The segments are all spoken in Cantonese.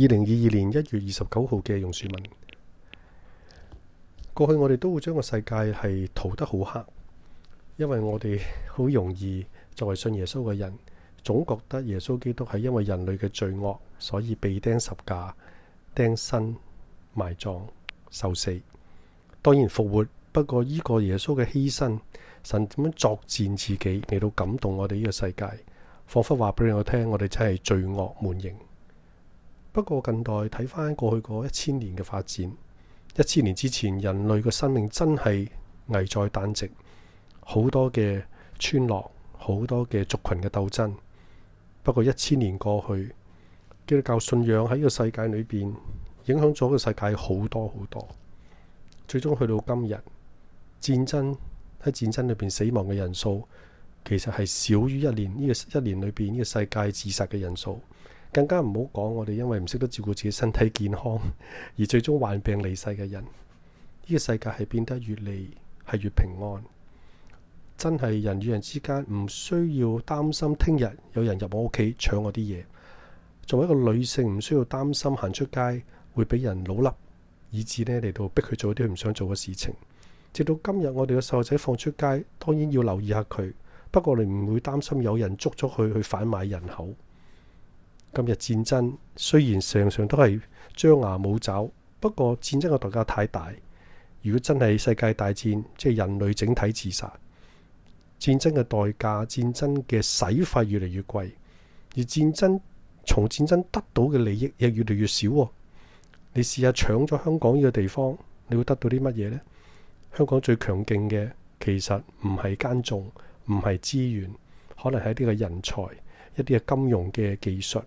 二零二二年一月二十九號嘅楊樹文，過去我哋都會將個世界係塗得好黑，因為我哋好容易作為信耶穌嘅人，總覺得耶穌基督係因為人類嘅罪惡，所以被釘十架、釘身、埋葬、受死。當然復活，不過呢個耶穌嘅犧牲，神點樣作戰自己嚟到感動我哋呢個世界，仿佛話俾你我聽，我哋真係罪惡滿盈。不過近代睇翻過去嗰一千年嘅發展，一千年之前人類嘅生命真係危在旦夕，好多嘅村落、好多嘅族群嘅鬥爭。不過一千年過去，基督教信仰喺呢個世界裏邊影響咗個世界好多好多。最終去到今日，戰爭喺戰爭裏邊死亡嘅人數，其實係少於一年呢個一年裏邊呢個世界自殺嘅人數。更加唔好講，我哋因為唔識得照顧自己身體健康，而最終患病離世嘅人，呢個世界係變得越嚟係越平安。真係人與人之間唔需要擔心聽日有人入我屋企搶我啲嘢。作為一個女性，唔需要擔心行出街會俾人老笠，以至呢嚟到逼佢做啲唔想做嘅事情。直到今日，我哋嘅細路仔放出街，當然要留意下佢。不過，你唔會擔心有人捉咗佢去販賣人口。今日戰爭雖然常常都係張牙舞爪，不過戰爭嘅代價太大。如果真係世界大戰，即係人類整體自殺，戰爭嘅代價、戰爭嘅使費越嚟越貴，而戰爭從戰爭得到嘅利益亦越嚟越少，哦、你試下搶咗香港呢個地方，你會得到啲乜嘢呢？香港最強勁嘅其實唔係耕種，唔係資源，可能係啲個人才、一啲嘅金融嘅技術。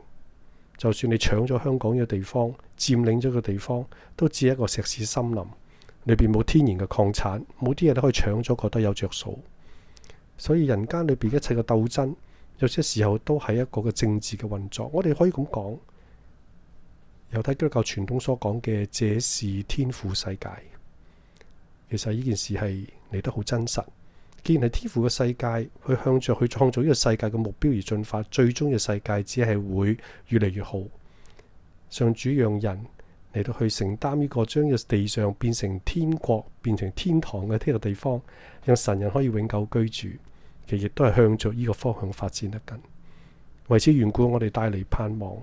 就算你搶咗香港嘅地方，佔領咗個地方，都只係一個石屎森林，裏邊冇天然嘅礦產，冇啲嘢都可以搶咗，覺得有着數。所以人間裏邊一切嘅鬥爭，有些時候都係一個嘅政治嘅運作。我哋可以咁講，又睇基督教傳統所講嘅這是天父世界，其實呢件事係嚟得好真實。既然係天父嘅世界，去向着去創造呢個世界嘅目標而進發，最終嘅世界只係會越嚟越好。上主讓人嚟到去承擔呢、呢個將呢個地上變成天國、變成天堂嘅呢個地方，讓神人可以永久居住。其亦都係向着呢個方向發展得緊。為此緣故，我哋帶嚟盼望，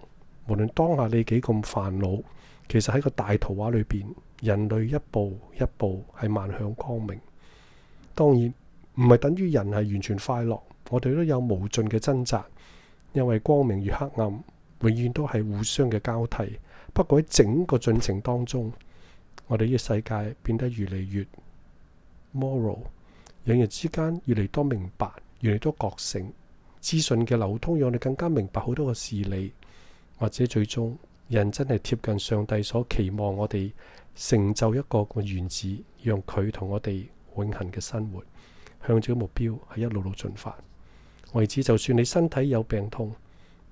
無論當下你幾咁煩惱，其實喺個大圖畫裏邊，人類一步一步係邁向光明。當然。唔係等於人係完全快樂，我哋都有無盡嘅掙扎，因為光明與黑暗永遠都係互相嘅交替。不過喺整個進程當中，我哋依個世界變得越嚟越 moral，人與人之間越嚟多明白，越嚟多覺醒，資訊嘅流通，讓你更加明白好多個事理，或者最終人真係貼近上帝所期望我哋成就一個個原子，讓佢同我哋永恆嘅生活。向住個目標係一路路進發。為此，就算你身體有病痛，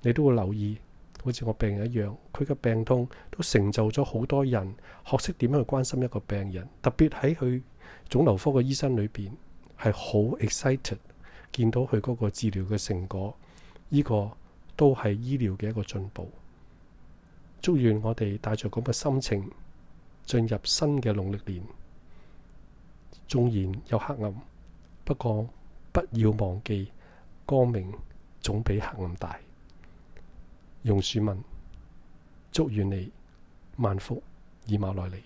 你都會留意，好似我病人一樣。佢嘅病痛都成就咗好多人學識點樣去關心一個病人，特別喺佢腫瘤科嘅醫生裏邊係好 excited，見到佢嗰個治療嘅成果。呢個都係醫療嘅一個進步。祝願我哋帶着噉個心情進入新嘅農曆年，縱然有黑暗。不過，不要忘記光明總比黑暗大。榕樹問：祝願你萬福，以馬內利。